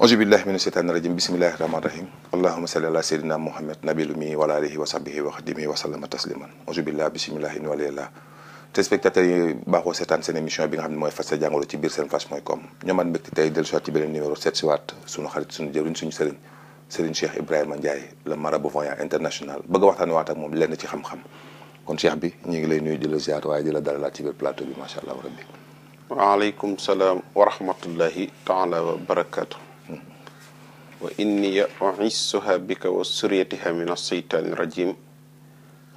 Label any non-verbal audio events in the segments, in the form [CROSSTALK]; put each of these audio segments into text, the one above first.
auzu billahi mina sheytaani rajim bismillahi rahmaani rahim allahuma salli ala seydina muhammad nabilu mi wala alihi wa sahbihi wa xadimi wa sallama tasliman auzu billahi bismillahi nu walillah téléspectateurs yi baaxoo seetaan seen émission bi nga xam ne mooy faj sa jàngoro ci biir seen fas mooy com ñoomaat mbégte tey dellu siwaat ci beneen numéro seet siwaat suñu xarit suñu jëriñ suñu sëriñ sëriñ Cheikh Ibrahima Ndiaye le marabout voyant international bëgg a waxtaane waat ak moom lenn ci xam-xam kon Cheikh bi ñu ngi lay nuyu di la ziar waaye di la dalalaat ci biir plateau bi macha allah rabbi waaleykum salaam wa rahmatullahi taala wa barakatu wa inni uissuha bika wa suriyatiha min asseytaani rajim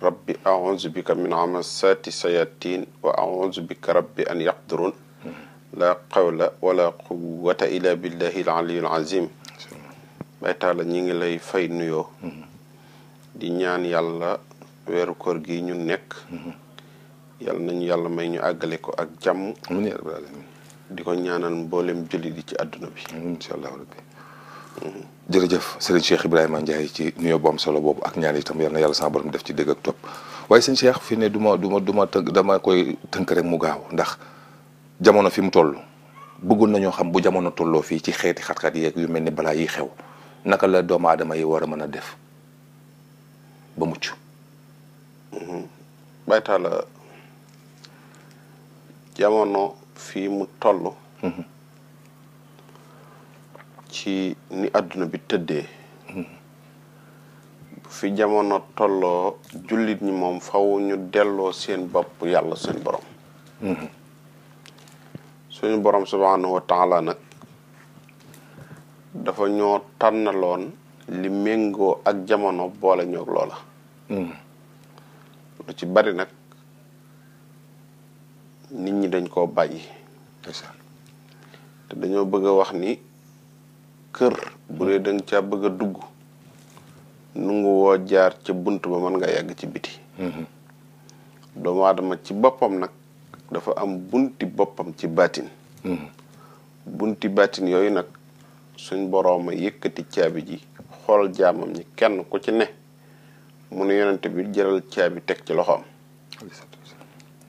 rabbi auzu bika min amasati sayatin wa auzu rabbi an yaqdurun la qawla wala quwata illa billahi aliyul azim bay taala ñi ngi lay fay nuyoo di ñaan yàlla weeru koor gi ñu nekk yàlla nañu yàlla may ñu àggale ko ak jàmm di ko ñaanal mboolem juli di ci àdduna bi jërëjëf Serigne Cheikh Ibrahima Ndiaye ci nuyoo bu am solo boobu ak ñaan itam yal na yàlla sama def ci dégg ak topp waaye sëñ Cheikh fi ne du ma du ma du ma tënk koy tënk rek mu gaaw ndax jamono fi mu toll bëggoon nañoo xam bu jamono fii ci xeeti xat-xat yu mel ni balaa yi xew naka la doomu aadama yi war a mën a def ba mucc. Mm-hmm. baytaala jamono fii mu toll. Mm-hmm. ci ni àdduna bi tëddee bu fi jamono tolloo jullit ñi moom faw ñu delloo seen bopp yàlla suñu boroom suñu borom subhanahu wa taala nag dafa ñoo tànnaloon li méngoo ak jamono boole ñoog loola lu ci bari nag nit ñi dañ koo bàyyi te dañoo bëgg wax ni kër bu dee da nga bëgg a dugg nungu woo jaar ca bunt ba mën nga yàgg ci biti mhm. doomu aadama ci boppam nag dafa am bunti boppam ci baatin mhm. bunti baatin yooyu nag suñ boroom a yëkkati caabi ji xool jaamam ñi kenn ku ci ne mu ne yonente bi jëlal caabi teg ci loxoom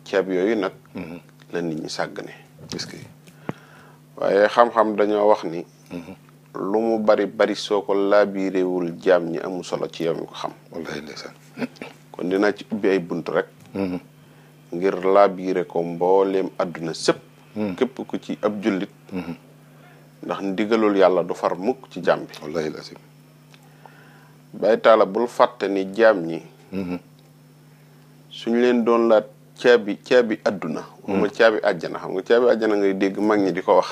caabi yooyu nag mhm. la nit ñi sàgg ne waaye xam-xam dañoo wax ni lu mu bari bari soo ko laabiirewul jaam ñi amul solo ci yow mi ko xam kon dina ci ubbi ay bunt rek mm-hmm. ngir laabiire ko mboolem àdduna sëpp mm-hmm. képp ku ci ab jullit mm-hmm. ndax ndigalul yàlla du far mukk ci jaam bi wallahi bay taala bul fàtte ni jaam ñi suñ leen doon laat caabi caabi àdduna waxuma caabi àjjana xam nga caabi àjjana ngay dégg mag ñi di ko wax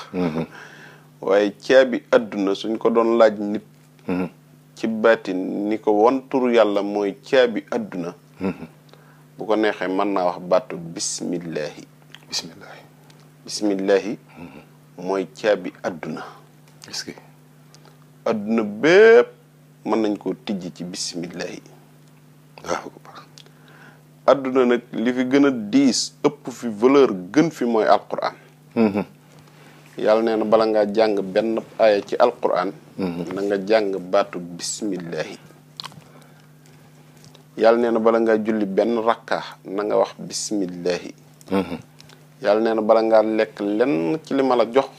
waaye caabi adduna suñ ko doon laaj nit mm-hmm. ci baatin ni ko won turu yàlla mooy caabi àdduna mm-hmm. bu ko neexee mën naa wax baatu bismillahi bismillahi bismillahi mm-hmm. mooy caabi adduna est-ce adduna bépp mën nañ koo tijji ci bismillahi waaw adduna nag li fi gën a diis ëpp fi valeur gën fi mooy alquran yàlla nee na bala ngaa jàng benn aaya ci alquran mhm. na nga jàng baatu bismillahi yàlla nee na bala ngaa julli benn rakka na nga wax bismillahi mhm. yàlla nee na bala ngaa lekk lenn ci li ma la jox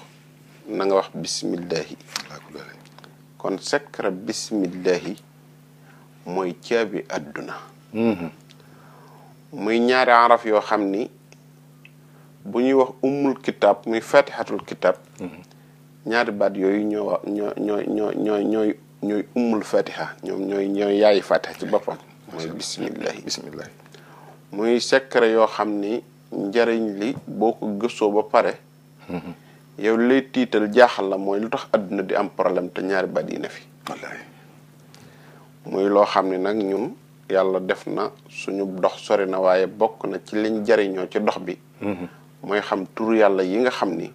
na wax bismillahi kon secret bismillahi mooy caabi àdduna mhm. muy ñaari araf yoo xam ni bu ñuy wax umul kitab muy fatihatul kitab ñaari baat yooyu ñoo ñoo ñooy ñoo ñooy ñooy ñoom ñooy ñooy yaayi fatiha ci boppam mooy bisimillahi muy secret yoo xam ni njariñ li boo ko gëstoo ba pare [LAUGHS] yow lay tiital jaaxal na mooy lu tax adduna di am problème te ñaari baat yi na fi muy loo xam ni nag ñun yàlla def na suñu dox sori na waaye bokk na ci liñ jariñoo ci ndox bi [LAUGHS] mhm. mooy xam turu yàlla yi nga xam ni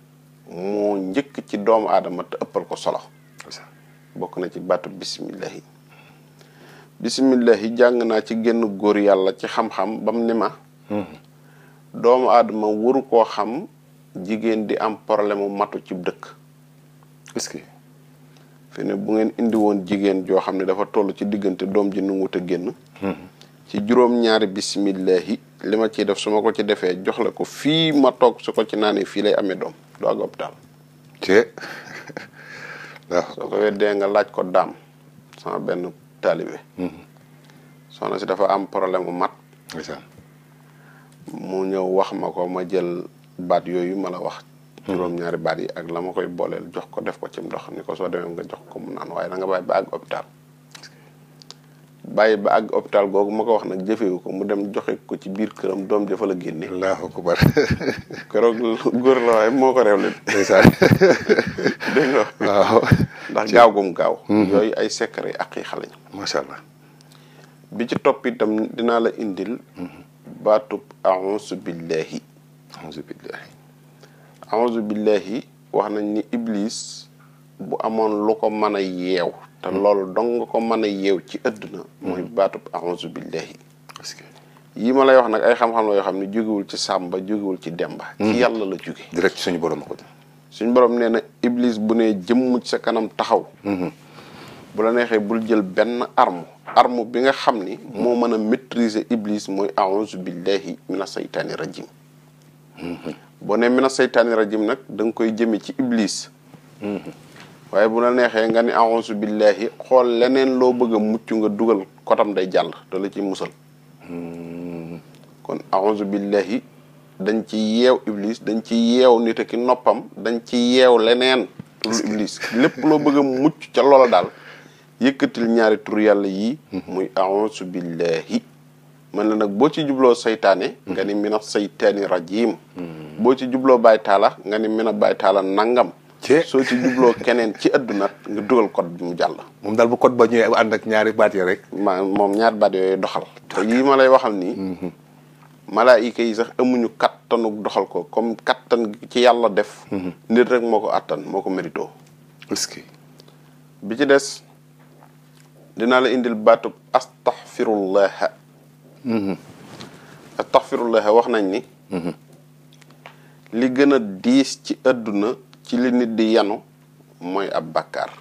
moo njëkk ci doomu aadama te ëppal ko solo bokk na ci baatu bisimillahi bisimillahi jàng naa ci génn góor yàlla ci xam-xam bam ni ma hmm. doomu aadama waru koo xam jigéen di am problème mu matu ci dëkk est que fi ne bu ngeen indi woon jigéen joo xam ne dafa toll ci diggante doom ji nungut a génn hmm. ci juróom-ñaari bisimillahi li ma ciy def su ma ko ci defee jox la ko fii ma toog su ko ci naanee fii lay amee doom du ak hôpital. te [LAUGHS] waaw. soo ko weddee nga laaj ko daam sama benn taalibe. Mhm. soxna si dafa am problème mu mat. mu ñëw wax ma ko ma jël baat yooyu ma la wax. Mhm. juróom-ñaari baat yi ak la ma koy booleel jox ko def ko ci ndox ni ko soo demee nga jox ko mu naan waaye da nga bàyyi ba ak hôpital. bàyyi ba àgg hôpital googu ma ko wax nag jëfewu ko mu dem joxe ko ci biir këram doom jëfa la génne. allahu akbar. [LAUGHS] keroog góor la waaye moo ko réew leen. ndeysaan [LAUGHS] mhm. yooyu ay secret ak i bi ci topp itam dinaa la indil. Mhm. baatub auzu billahi. auzu wax nañ ni iblis bu amoon lu ko mën a yeew. te loolu dong nga ko mën a yeew ci àdduna mooy mm. baatub a'uuzu billahi yi ma lay wax nag ay xam-xam la yoo xam ne jógewul ci Sàmba jógewul ci Demba mm. ci yàlla la jóge direct ci suñu borom ko suñu borom nee na iblis bu ne jëmm ci sa kanam taxaw mm-hmm. bu la neexee bul jël benn arme arme bi nga xam ni mm. moo mën a maîtriser iblis mooy a'uuzu billahi mina saytaani rajim mm-hmm. boo ne mina saytaani rajim nag danga koy jëme ci iblis mm-hmm. waaye bu la neexee nga ni a'uuzu billahi xool leneen loo bëgg a mucc nga dugal kotam day jàll te la ci musal hmm. kon a'uuzu billahi dañ ci yeew iblis dañ ci yeew nit ki noppam dañ ci yeew leneen turu iblis lépp loo bëgg a mucc ca loola daal yëkkatil ñaari tur yàlla yii hmm. muy a'uuzu billahi man boo ci jubloo seytaane hmm. nga ni mina saytaani rajim boo ci jubloo bàyyi taala nga ni mina bàyyi taala nangam soo ci jubloo keneen ci àdduna nga dugal kod bi mu jàll. moom daal bu code ba ñëwee ànd ak ñaari baat yi rek. ma moom ñaari baat yooyu doxal. te yii ma lay waxal nii. Mm-hmm. malaayika yi sax amuñu kattanu doxal ko comme kattan ci yàlla def. Mm-hmm. nit rek moo ko àttan moo ko mérito. bi ci des dinaa la indil baatub astaxfirullaha. Mm-hmm. astaxfirullaha wax nañ ni. li gën a diis ci àdduna. ci li nit di yanu mooy ab bàkkaar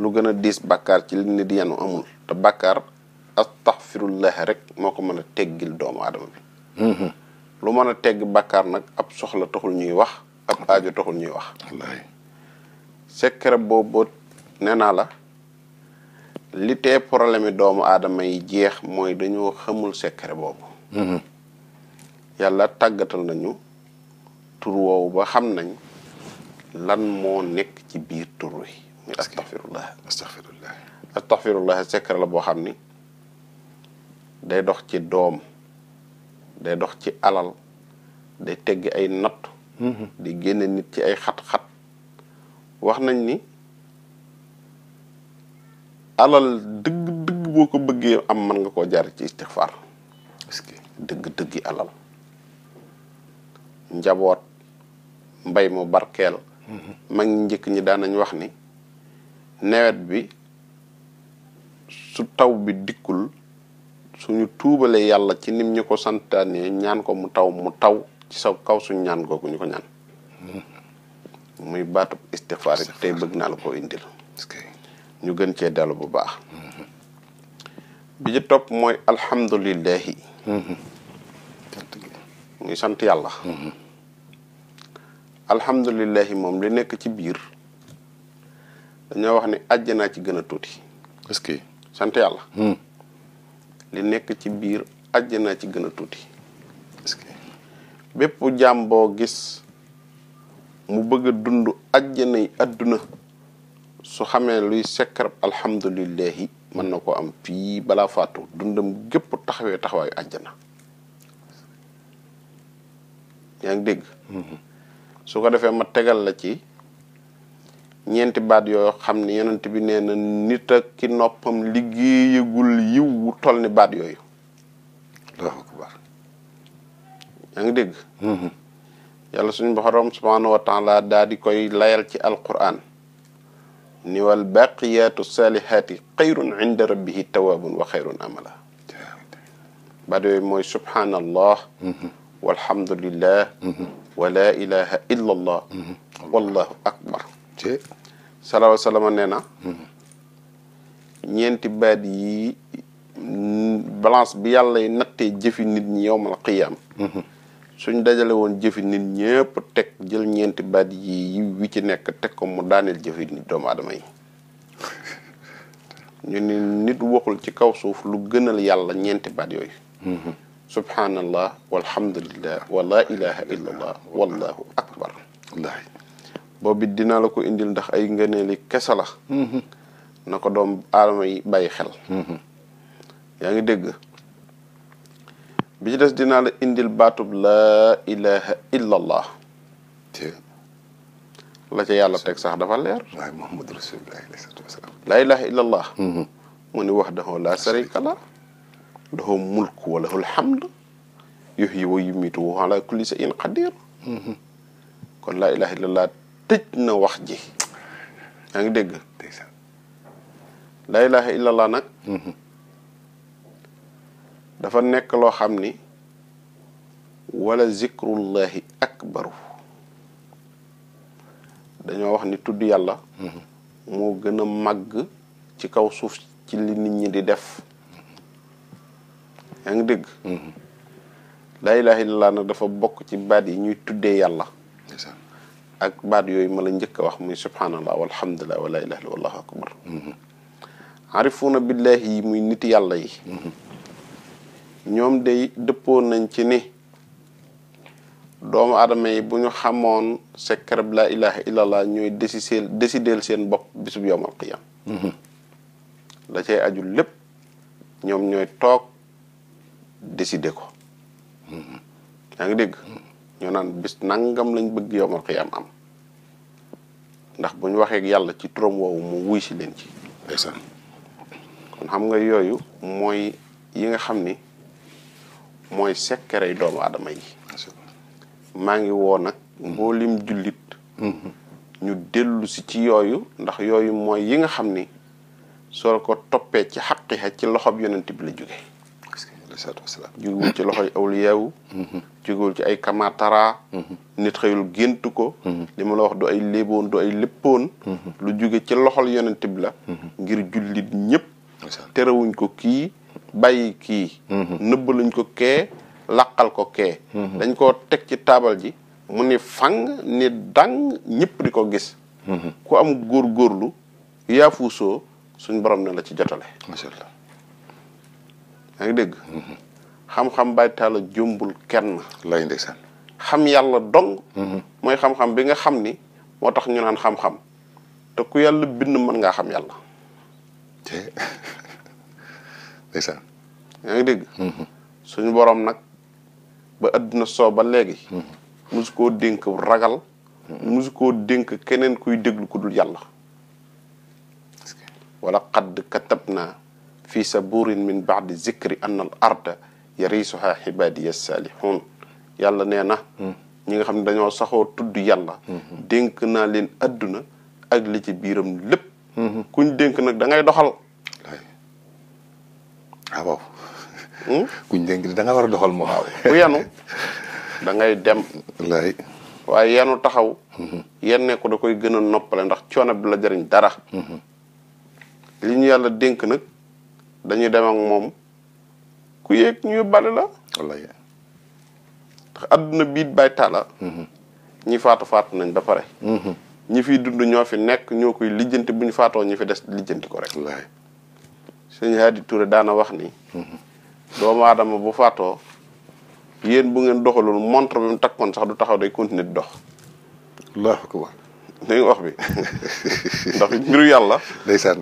lu gën a diis bàkkaar ci li nit di yanu amul te bàkkaar astaxfirullah rek moo ko mën a teggil doomu adama bi lu mën a tegg bàkkaar nag ab soxla taxul ñuy wax ab aajo taxul ñuy wax secret boobu nee naa la li tee doomu aadama yi jeex mooy dañoo xamul secret boobu mm-hmm. yàlla tàggatal nañu tur woowu ba xam nañ lan moo nekk ci biir tur wi muy astaxfirullah astaxfirullah astaxfirullah secret la boo xam ni day dox ci doom day dox ci alal day tegg ay natt mhm. di génne nit ci ay xat-xat wax nañ ni alal dëgg dëgg boo ko bëggee am mën nga koo jaar ci istixfaar dëgg dëggi alal njaboot mbay mu barkeel mag ñi njëkk ñi daan nañ wax ni nawet bi su taw bi dikkul suñu tuubale yàlla ci nim ñu ko santaane ñaan ko mu taw mu taw ci sa kaw suñu ñaan googu ñu ko ñaan muy baatu istixfaar yi tey bëgg naa la ko indil ñu gën cee dellu bu baax bi ci topp mooy alhamdulillahi mm-hmm. muy sant yàlla mm-hmm. alhamdulilahi moom li nekk ci biir dañoo wax ni àjjanaa ci gën a tuuti. est que sant yàlla. nekk ci biir àjjanaa ci gën a tuuti. est-ce hmm. bépp jaam boo gis mu bëgg dund dund àjjanay àdduna su xamee luy sekkarab alhamdulilahi mën na ko am fii balaa faatu dundam gépp taxawee taxawaayu àjjana yaa ngi dégg. Hmm. su ko defee ma tegal la ci ñeenti baat yoo xam ni yonent bi nee na nit ki noppam liggéeyagul yiw wu toll ni baat yooyu allahu akbar yaa ngi dégg mm-hmm. yàlla suñu borom subhanahu wa taala daal di koy layal ci alquran ni wal baqiyatu salihaati xayrun inda rabbihi tawaabun wa xayrun amala baat yooyu mooy subhanallah mm-hmm. walhamdulillah mm-hmm. wa laa ilaha illa mhm. wallahu akbar salaawa salama nee na ñeenti baat yi balance bi yàlla yi nattee jëfi nit ñi yowmal qiyaam mhm. suñ dajale woon jëfi nit ñëpp teg jël ñeenti baat yi yiw ci nekk teg ko mu daaneel jëfi nit doomu aadama yi [LAUGHS] ñu ni nit waxul ci kaw suuf lu gënal yàlla ñeenti baat yooyu mhm. subhanallah walhamdulillah wa la wallahu akbar wallaahi dinaa la ko indil ndax ay ngëneeli kese la mhm. na ko doom aadama yi bàyyi xel mhm. yaa ngi dégg bi ci des dinaa la indil baatub laa ilaha illa allah la yàlla teg sax dafa leer laa ilaha illa mhm. mu ni wax daxoo laa sarika la lahul mulku wa lahul hamd yuhyi wa yumiitu wa ala kulli shay'in qadir mhm. kon laa ilaha illallah tëj na wax ji ngi dégg laa ilaha illallah mhm. dafa nekk loo xam ni wala zikrullahi akbaru dañoo wax ni tudd yàlla mhm. moo gën a màgg ci kaw suuf ci li nit ñi di def yaa ngi dégg mm-hmm. laa ilaha illallah nag dafa bokk ci baat yi ñuy tuddee yàlla ak baat yooyu ma la njëkk a wax muy subhanallah walhamdulilah wa laa ilaha illa wallahu akbar mm-hmm. arifuuna billahi yi muy nit yàlla yi mm-hmm. ñoom day dëppoo nañ ci ni doomu adama yi bu ñu xamoon secret laa ilaha illallah ñooy décider décider seen bopp bisub yowmal qiyam la cay aju lépp ñoom ñooy toog décidé ko. yaa ngi dégg. ñoo naan bis nangam lañ bëgg yowmal xiyaam am am ndax bu ñu waxee yàlla ci turam woowu mu wuy si leen ci. ndeysaan kon xam nga yooyu mooy yi nga xam ni mooy sekkerey doomu aadama yi. maa ngi woo nag. lim jullit. ñu dellu ci yooyu ndax yooyu mooy yi nga xam ni soo ko toppee ci xaqiiqa ci loxob yonent bi la jóge alayhi salaatu wasalaam jógewul ci loxoy awliyaawu mm-hmm. ci ay kamatara mm-hmm. nit xëyul gént ko mm-hmm. li ma la wax du ay léeboon du ay léppoon lu jóge ci loxol yonent bi la ngir jullit ñëpp terewuñ ko kii bàyyi kii nëbbaluñ ko kee laqal ko kee dañ koo teg ci taabal ji mu ni fang ni dang ñëpp di ko gis ku am góor góorlu yaafuusoo suñ borom ne la ci jotale yaa ngi dégg. Mm-hmm. xam-xam bàyyi taala jumbul kenn. lay ndeysaan. xam yàlla dong. Mm-hmm. mooy xam-xam bi nga xam ni moo tax ñu naan xam-xam te ku yàlla bind mën ngaa xam yàlla. te [LAUGHS] ndeysaan. yaa ngi dégg. Mm-hmm. suñu borom nag ba àdduna soo ba léegi. musu koo dénk ragal. musu koo dénk keneen kuy déglu ku dul yàlla. wala xadd katab naa. fi saburin min baadi zikri anna al arda yarisuha xibaadiya saalihun yàlla nee na hmm. ñi nga xam ne dañoo saxoo tudd yàlla hmm. dénk naa leen adduna ak li ci biiram lépp hmm. kuñ dénk nag dangay doxal ah, [LAUGHS] kuñ dénk da nga war a doxal moom waaw ku yenu da ngay dem lay yenu taxaw yenne ko da koy gën noppale ndax coono bi la jariñ dara li yàlla dénk nag dañuy dem ak moom ku yéeg ñu yóbbaale la. wallaahi ndax adduna biit bay taala mhm. ñi faatu faatu nañ ba pare. Mhm. ñi fiy dund ñoo fi nekk ñoo koy lijjanti bu ñu faatoo ñi fi des lijjanti ko rek. wallaahi sëñ Hadi Touré daana wax ni. Mhm. doomu aadama bu faatoo yéen bu ngeen doxalul montre bi mu takkoon sax du taxaw day continuer di dox. dégg wax bi [LAUGHS] ndax mbiru yàlla.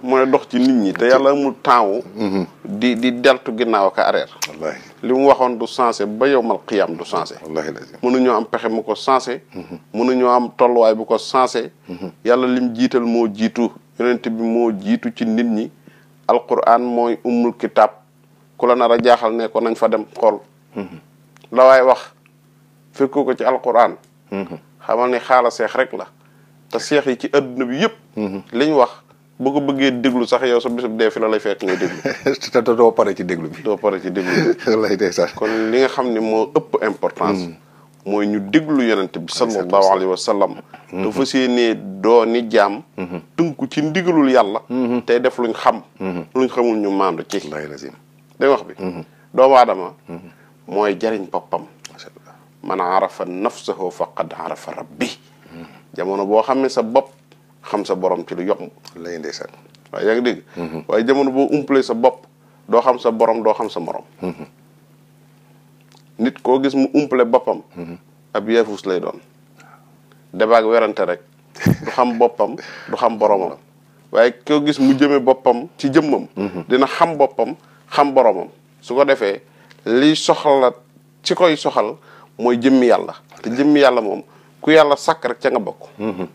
mooy dox ci nit ñi te yàlla mu taawu. Mm-hmm. di di deltu ginnaaw ka arrière. wallaahi li mu waxoon du sensé ba yowmal qiyaam du sensé. wallaahi mënuñoo am pexe mu ko sensé. Mm-hmm. mënuñoo am tolluwaay bu ko sensé. Mm-hmm. yàlla lim jiital moo jiitu yonent bi moo jiitu ci nit ñi. alquran mooy ummul kitaab ku nar a jaaxal ne ko nañ fa dem xool. la wax fekku ko ci alquran. xamal ni xaala seex rek la. te seex yi ci adduna bi yëpp. Mhm. li ñu wax boo ko bëggee déglu sax yow sa bisub dee fi la lay fekk ngay déglu. [LAUGHS] te doo ci déglu bi. doo pare ci déglu bi. lay dee sax kon li nga xam ne moo ëpp importance. Mhm. mooy ñu déglu yonent bi sallallahu alayhi wa sallam mhm. te fas yéenee doo ni jaam tënku ci ndigalul yàlla tey def luñ xam luñ xamul ñu maandu ci danga wax bi doomu aadama mooy jariñ boppam man arafa nafsahu faqad arafa rabbi jamono boo xam ne sa bopp xam sa borom ci lu yomb. lay ndeysaan waaye yaa ngi mm-hmm. waaye jamono boo umpalee sa bopp doo xam sa borom doo xam sa morom. Mm-hmm. nit koo gis mu umpale boppam. Mm-hmm. ab yeefus lay doon. dabaag werante rek [LAUGHS] du xam boppam du xam boromam waaye koo gis mu jëmee boppam ci jëmmam. dina xam boppam xam boromam su ko defee liy soxla ci koy soxal mooy jëmmi yàlla te jëmmi yàlla moom. ku yàlla sàkk rek ca nga bokk. Mm-hmm.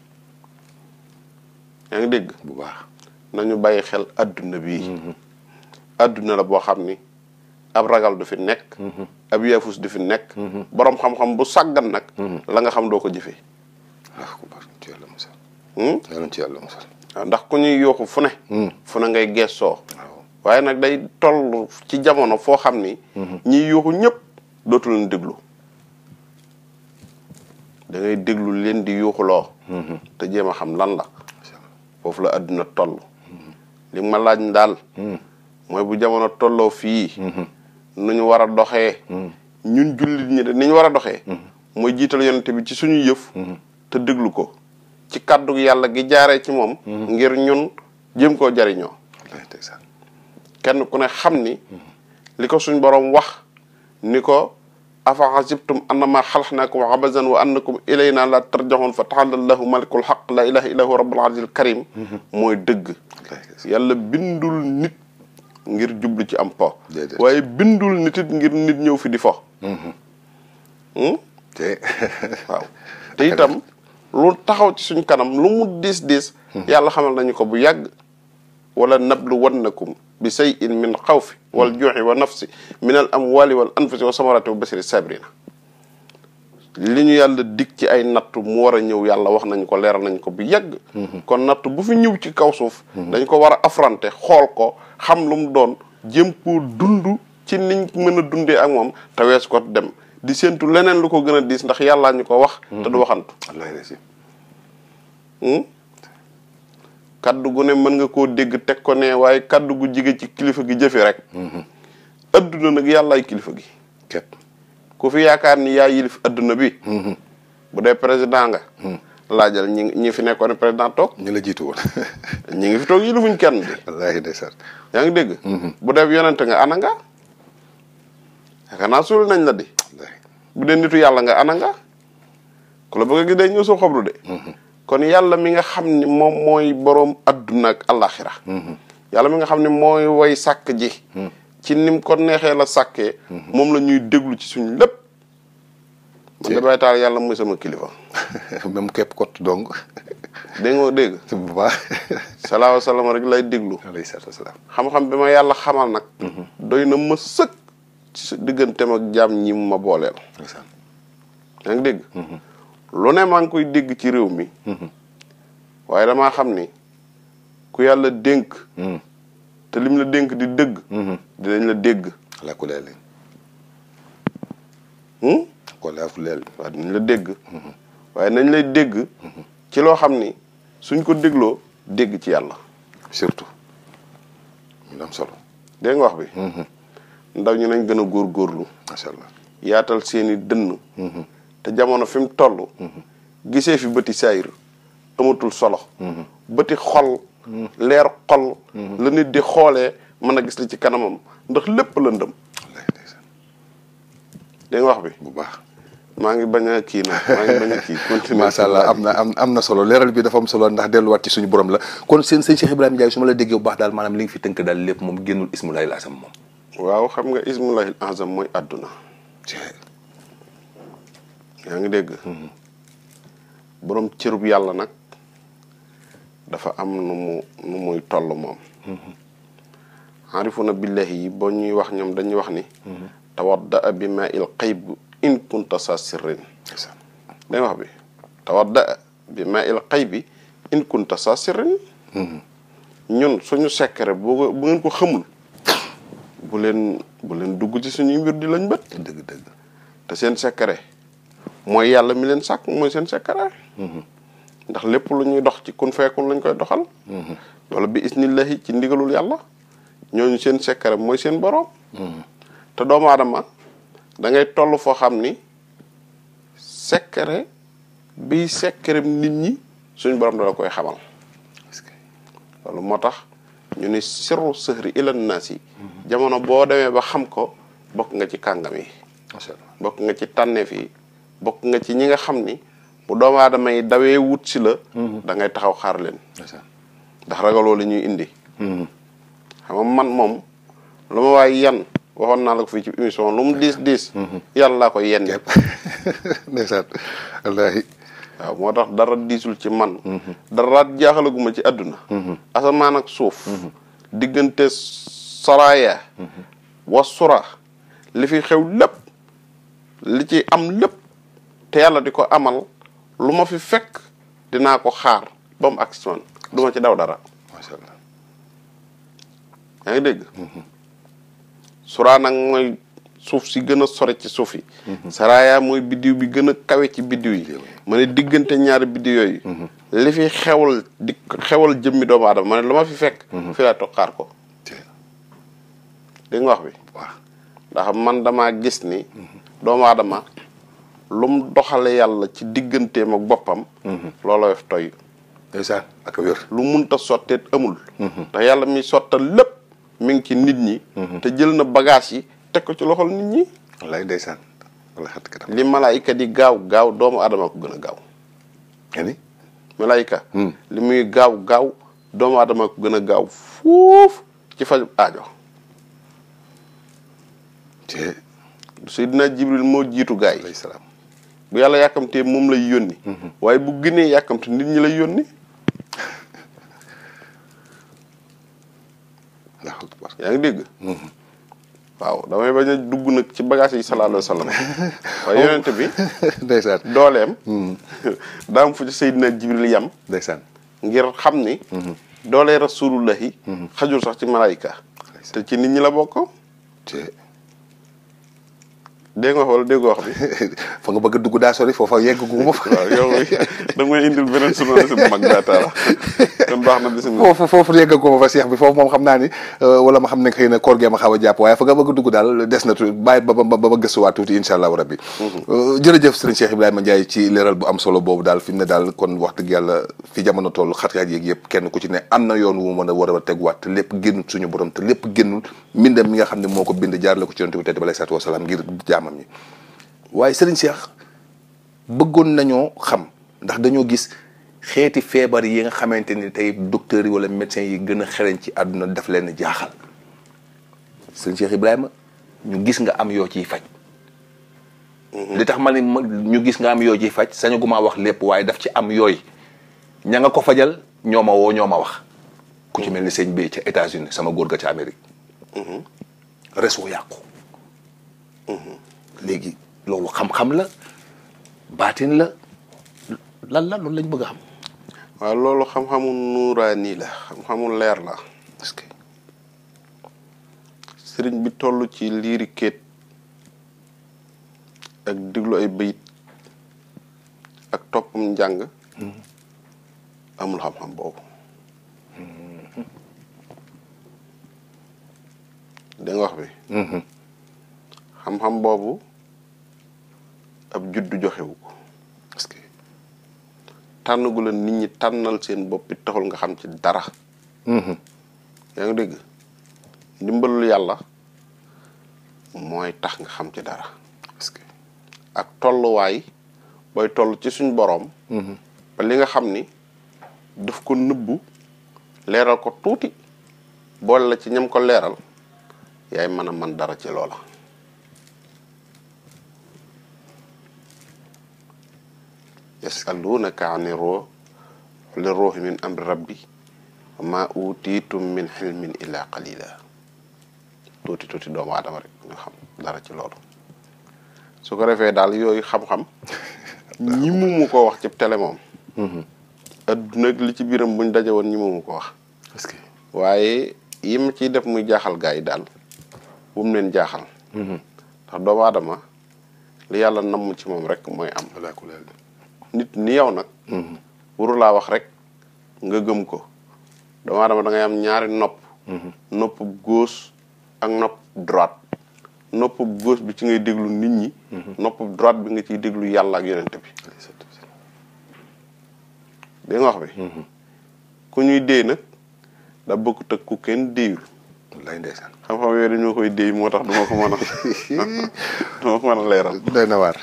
yaa ngi dégg. bu nañu bàyyi xel àdduna bii. Mm-hmm. adduna la boo xam ni ab ragal du fi nekk. Mm-hmm. ab yaafus du fi nekk. borom xam-xam bu sàggan nag. la nga xam doo ko jëfee. waaw ah, ku baax hmm? ci yàlla ah, ndax ku ñuy yooxu fu ne. Mm. fu ne ngay geesoo. waaye nag day toll ci jamono foo xam ni. ñiy yooxu ñëpp dootu leen déglu. da ngay déglu leen di yuuxuloo mm-hmm. te jéem a xam lan la foofu la adduna toll mm-hmm. li ma laaj daal mm-hmm. mooy bu jamono tolloo fii nu ñu war a doxee ñun jullit ñi ni ñu war a doxee mooy jiital yonente bi ci suñu yëf te déglu ko ci kàddu yàlla gi jaaree ci moom ngir ñun jéem koo jariñoo kenn ku ne xam ni li ko suñ boroom wax ni ko afa xasibtum annama xalaxnaakum abasan wa annakum ilayna la tarjaxoon fa taxalallahu malikul xaq la ilaha illa huwa rabbul azizil karim mm-hmm. mooy dëgg yàlla bindul nit ngir jublu ci am po waaye bindul nit it ngir nit ñëw fi di fo mm-hmm. hmm? te [LAUGHS] waaw te itam lu taxaw ci suñ kanam lu mu diis diis mm-hmm. yàlla xamal nañu ko bu yàgg wala nabluwannakum bi shay'in min xawfi wal juuxi wa nafsi min al amwali wal anfusi wa samarati wa basiri sabrina li ñu yàlla dikk ci ay nattu mu war a ñëw yàlla wax nañ ko leeral nañ ko bu yàgg mhm. kon nattu bu fi ñëw ci kaw suuf mhm. dañ ko war a affronter xool ko xam lu mu doon jëm koo dund ci niñ mën a dundee ak moom te wees ko dem di séentu leneen lu ko gën a diis ndax yàlla ñu ko wax te du mhm. waxantu kaddu gu mën nga koo dégg teg ne waaye kaddu gu jige ci kilifa gi jëfe rek mhm. adduna nag yàllaay kilifa gi képp ku fi yaakaar ni yaa yilif adduna bi mhm. bu dee président nga mhm. laajal ñi ñi fi nekkoon président toog ñi la jiitu woon [LAUGHS] ñi ngi fi toog yilifuñ kenn bi wallaahi ndeysaan yaa ngi dégg bu dee yonent nga ana nga nañ la di bu dee nitu yàlla nga ana nga ku la bëgg a gis day ñëw soo xobru de kon yàlla mi nga xam ni moom mooy boroom adduna ak alaxira yàlla mi nga xam ne mooy way sàkk ji ci nim kon neexee la sàkkee moom la ñuy déglu ci suñ lépp man da taal yàlla mooy sama kilifa [LAUGHS] même képp kot dong dégg nga dégg [LAUGHS] bu baax salaahu salaam rek lay déglu alayhi salaatu wasalaam xam-xam bi ma yàlla xamal nag mhm. doy na ma sëkk ci digganteem ak jaam ñi ma booleel yaa dégg mhm. lu ne maa ngi koy dégg ci réew mi mhm. waaye damaa xam ni ku yàlla dénk mhm. te lim la dénk di dëgg mhm. dinañ la dégg ala ku hmm? la dégg waaye nañ lay dégg ci loo xam ni suñ ko dégloo dégg ci yàlla surtout ñu solo dégg nga wax bi ndaw ñu nañ gën a góorgóorlu macha allah yaatal seeni dënn te jamono fi mu toll. gisee fi bëti saayir amatul solo. bëti xol. leer xol. la nit di xoole man a gis li ci kanamam ndax lépp lëndëm. dégg nga wax bi bu baax. maa ngi bañ kii nag maa a [LAUGHS] allah am na am solo leeral bi dafa am solo ndax delluwaat ci suñu borom la kon seen sëñ Cheikh Ibrahima Ndiaye su ma la déggee bu baax daal maanaam li ngi fi tënk daal lépp moom génnul ismulahil azam moom. waaw xam nga ismulahil azam mooy àdduna. yaa ngi dégg borom cërub yàlla nag dafa am nu muy toll moom arifuna billahi yi boo ñuy wax ñoom dañuy wax ni tawadda bi ma il xayb bi tawadda bi in kunta sa sirrin ñun suñu secret bu bu ngeen ko xamul bu leen bu leen dugg ci suñuy mbir di lañ bët te seen secret mooy yàlla mi leen sàkk mooy seen sekkaraay ndax lépp lu ñuy dox ci kun fekkul lañ koy doxal wala bi isnillahi ci ndigalul yàlla ñooñu seen sekkara mooy seen boroom te doomu aadama da ngay toll foo xam ni sekkare bi sekkarem nit ñi suñ borom dala koy xamal loolu moo tax ñu ni sirru sëhri ilan naas yi jamono boo demee ba xam ko bokk nga ci kàngam yi bokk nga ci tànneef yi bokk nga ci ñi nga xam ni bu doomu aadama yi dawee wut si la mhm. da ngay taxaw xaar leen ndax ragaloo la ñuy indi mhm. xam man moom lu ma waay yan waxoon naa la ko fii ci émission lu mu diis diis mhm. yàlla laa koy yenn [LAUGHS] ndeysaan wallaahi moo tax dara diisul ci man dara jaaxalaguma ci àdduna asamaan ak suuf diggante saraaya wasura li fi xew lépp li ci am lépp te yàlla di ko amal lu ma fi fekk dinaa ko xaar ba ak agsi man du ci daw dara. macha yaa ngi dégg. Mm-hmm. suraa nag mooy suuf si gën a sore ci suuf yi. Mm-hmm. saraaya mooy biddiw bi gën a kawe ci biddiw yi. ma ne diggante ñaari biddiw yooyu. Mm-hmm. li fi di xewal jëmmi doomu aadama ma ne lu ma fi fekk. fi xaar ko. dégg nga wax bi. ndax man dama gis ni doomu aadama. lu mu doxale yàlla ci digganteem ak boppam mhm. looloo yof toy ndeysaan lu munta sotteet amul ndax mhm. yàlla mi sottal lépp mi ngi ci nit ñi mhm. te jël na bagaas yi teg ko ci loxol nit ñi wallaay ndeysaan li malaayika di gaaw gaaw doomu aadama ko gën a gaaw ani malaayika hmm. li muy gaaw gaaw doomu adama ko gën a gaaw foofu ci faj aajo te Seydina Jibril moo jiitu gaay bu yàlla yàkkamtee moom lay yónni waaye bu gënee yàkkamte nit ñi lay yónni yaa ngi dégg waaw damay bañ a dugg nag ci bagage yi sallallahu alayhi wa sallam waaye yonente bi [LAUGHS] ndeysaan dooleem hmm. daam fu ci Seydina Jibril yam ngir xam ni hmm. doolee rasulullahi hmm. xajul sax ci malaayika te ci nit ñi la bokk dégg nga wax wala dégg wax bi. [LAUGHS] fa nga bëgg dugg daa sori foofa yegg gu ma fa. [LAUGHS] waaw yow [LAUGHS] da ngay indil beneen journaliste bu mag daa taala kon foofu yegg gu ma seex bi foofu moom xam naa ni euh, wala ma xam ne xëy na koor gee ma xaw a jàpp waaye fa nga bëgg dugg daal des na tuuti bàyyi ba ba ba gëstuwaat tuuti incha allahu rabbi. Mhm. Euh, jërëjëf sëriñ Cheikh Ibrahima Ndiaye ci leeral bu am solo boobu daal fi mu ne daal kon wax dëgg yàlla fi jamono toll xat-xat yeeg kenn ku ci ne am na yoon wu mën a war a teguwaat te lépp génnul suñu borom te lépp génnul mbindam mi nga xam ne moo ko bind jaarale ko ci yonent bi tedd bi jaamam ñi waaye sëriñ seex bëggoon nañoo xam ndax dañoo gis xeeti feebar yi nga xamante ni tey docteurs yi walla médecins yi gën a xereñ ci àdduna daf leen jaaxal sëriñ Cheikh Ibrahima ñu gis nga am yoo ciy faj. Mhm. li tax ma ne ñu gis nga am yoo ciy faj sañu maa wax lépp waaye daf ci am yooyu ña nga ko fajal ñoo ma woo ñoo ma wax. ku ci mhm. mel ni sëñ bi ca États-Unis sama góor ga ca Amérique. Mhm. reso yàqu. léegi loolu xam-xam la baatin la lan la loolu lañ bëgg a xam. waaw loolu xam-xamu nii la xam-xamu leer la parce que sëriñ bi tollu ci liiri kéet ak diglu ay bayit ak toppam njàng amul xam-xam boobu hmm. danga wax bi hmm. xam-xam boobu ab juddu joxewu ko parce que tànn gu nit ñi tànnal seen bopp taxul nga xam ci dara. Mhm. yaa nga dégg ndimbalul yàlla mooy tax nga xam ci dara. parce que ak tolluwaay booy toll ci suñ boroom. Mhm. ba li nga xam ni daf ko nëbbu leeral ko tuuti boole la ci ñam ko leeral yaay mën a man dara ci loola. yasalunaka ani ruux li ruuxi min amri rabbi ma utiitum min xilmin illa qalila tuuti tuuti doomu aadama rek nga xam dara ci loolu su ko defee daal yooyu xam-xam [LAUGHS] ñi ko wax ci télé moom mhm. adduna li ci biiram buñ daje woon ñi ko wax waaye yi ma ciy def muy jaaxal gaa yi daal bu mu leen jaaxal mhm. ndax doomu li yàlla namu ci moom rek mooy am nit ni yow nag mhm. waru laa wax rek nga gëm ko doomu aadama da ngay am ñaari nopp mhm. nopp gauche ak nopp droite nopp gauche bi ci ngay déglu nit ñi mhm. nopp droite bi nga ciy déglu yàlla ak yonent bi dégg wax bi ku ñuy déy nag da bëgg tëg ku kenn déyul wallaay ndeysaan xam-xam yooyu dañoo koy déy moo tax duma ko mën a [LAUGHS] duma doy na waar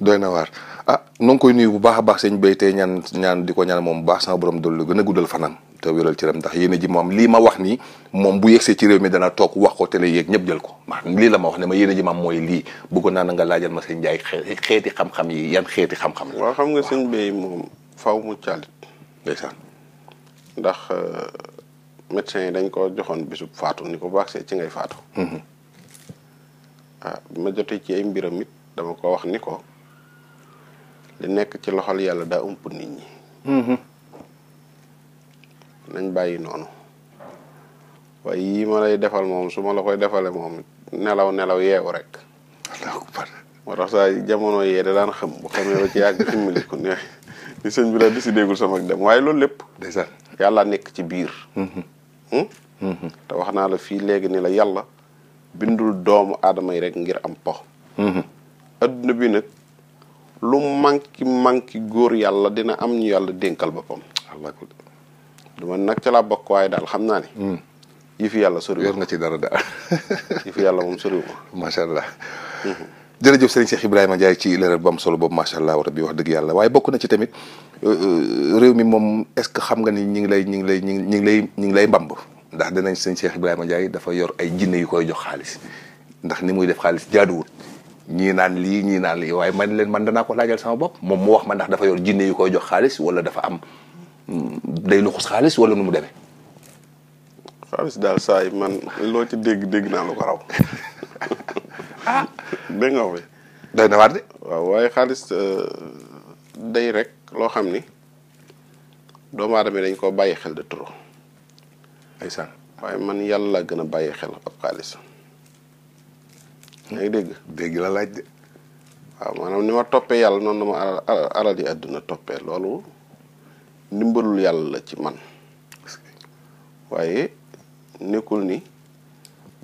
doy na waar ah no ngi koy nuyu bu baax a baax sëñ Bay tey ñaan ñaan di ko ñaan moom bu baax sama borom lu gën a guddal fanam te wéral ci ram ndax yéen a ji maam lii ma wax nii moom bu yegsee ci réew mi dana toog wax ko te télé yeeg ñëpp jël ko maanaam la ma wax ne ma yéen a ji mooy lii bëggoon naa na nga laajal ma xeeti xam-xam yi yan xeeti xam-xam la waaw xam nga sëñ Bay moom faw mu caalit ndeysaan ndax euh, médecin yi dañ ko joxoon bisu faatu ni ko baax see ci ngay faatu mhm. ah, ma jotee ci ay mbiram dama ko wax ni ko di nekk ci loxol yàlla daa ump nit ñi mm-hmm. nañ bàyyi noonu waaye yii ma lay defal moom su ma la koy defalee moom nelaw nelaw yeewu rek moo tax saa jamono yee da daan xam bu xamee ba ci yàgg ximmali [LAUGHS] ne ni sëñ bi la décidé gul sama dem waaye loolu lépp ndeysaan yàlla nekk ci biir mm-hmm. Hmm? Mm-hmm. te wax naa la fii léegi ni la yàlla bindul doomu aadama yi rek ngir am pox adduna bi nag lu manki manki góor yàlla dina am ñu yàlla dénkal boppam. du man nag ca laa bokk waaye daal xam naa ne. Hmm. yi fi yàlla soriwul yor nga ci dara daal. [LAUGHS] yi fi yàlla moom soriwul. macha allah. Hmm. jërëjëf sëriñ Cheikh Ibrahima Ndiaye ci leeral bu am solo boobu macha allah wax dëgg yàlla waaye bokk na ci tamit euh, euh, réew mi moom est-ce que xam nga ni ñi ngi lay ñi ngi lay ñi ngi lay ñi ngi lay mbamb. ndax danañ sëñ Cheikh Ibrahima Ndiaye dafa yor ay jinne yu koy jox xaalis ndax ni muy def xaalis jaaduwul. ñii naan lii ñii naan lii waaye man leen man danaa ko laajal sama bopp moom mu wax ma ndax dafa yor jinne yu koy jox xaalis wala dafa am hmm, day luxus xaalis wala nu mu xaalis daal saa yi ci dégg dégg naa lu [LAUGHS] ah! na waar de. waaw waaye xaalis euh, day rek loo xam ni doomu aadama dañ koo bàyyi xel de trop. ay san waaye man yàlla gën a bàyyi xel ab xaalis. yaa ngi dégg dégg la laaj de waaw maanaam ni ma toppee yàlla noon la ma alal alal yi àdduna toppee loolu ndimbalul yàlla la ci man waaye nekkul ni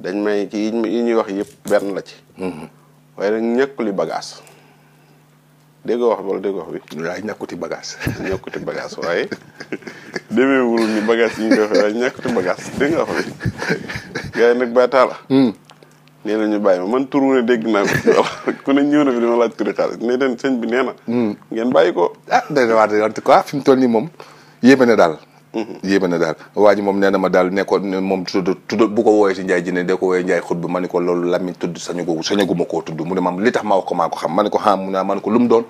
dañ may ci yi ñuy wax yëpp benn la ci mm-hmm. waaye nag ñàkkuli bagage dégg wax wala dégg wax bi waaye ñàkkuti bagage ñàkkuti bagage ni bagage yi ñu koy waaye ñàkkuti bagage dégg wax bi [LAUGHS] gars yi nag baataa nee na ñu bàyyi ma man tur wu ne dégg naa ku ne ñëw na fi dama laaj turi xaalis ne den sëñ bi nee na. Hmm. ngeen bàyyi ko. ah dana fi mu toll nii moom yéeme na daal. Hmm. yéeme na waa ji moom nee na ma daal nekkoon moom tudd tudd bu ko wooyee si Njaay Jinne de ko wooyee Njaay xut bi ma ni ko loolu lami tudd sañu ko sañu gu ma koo tudd mu ne ma wax ko maa ko xam ma ne ko ah mu ne ma ne mu doon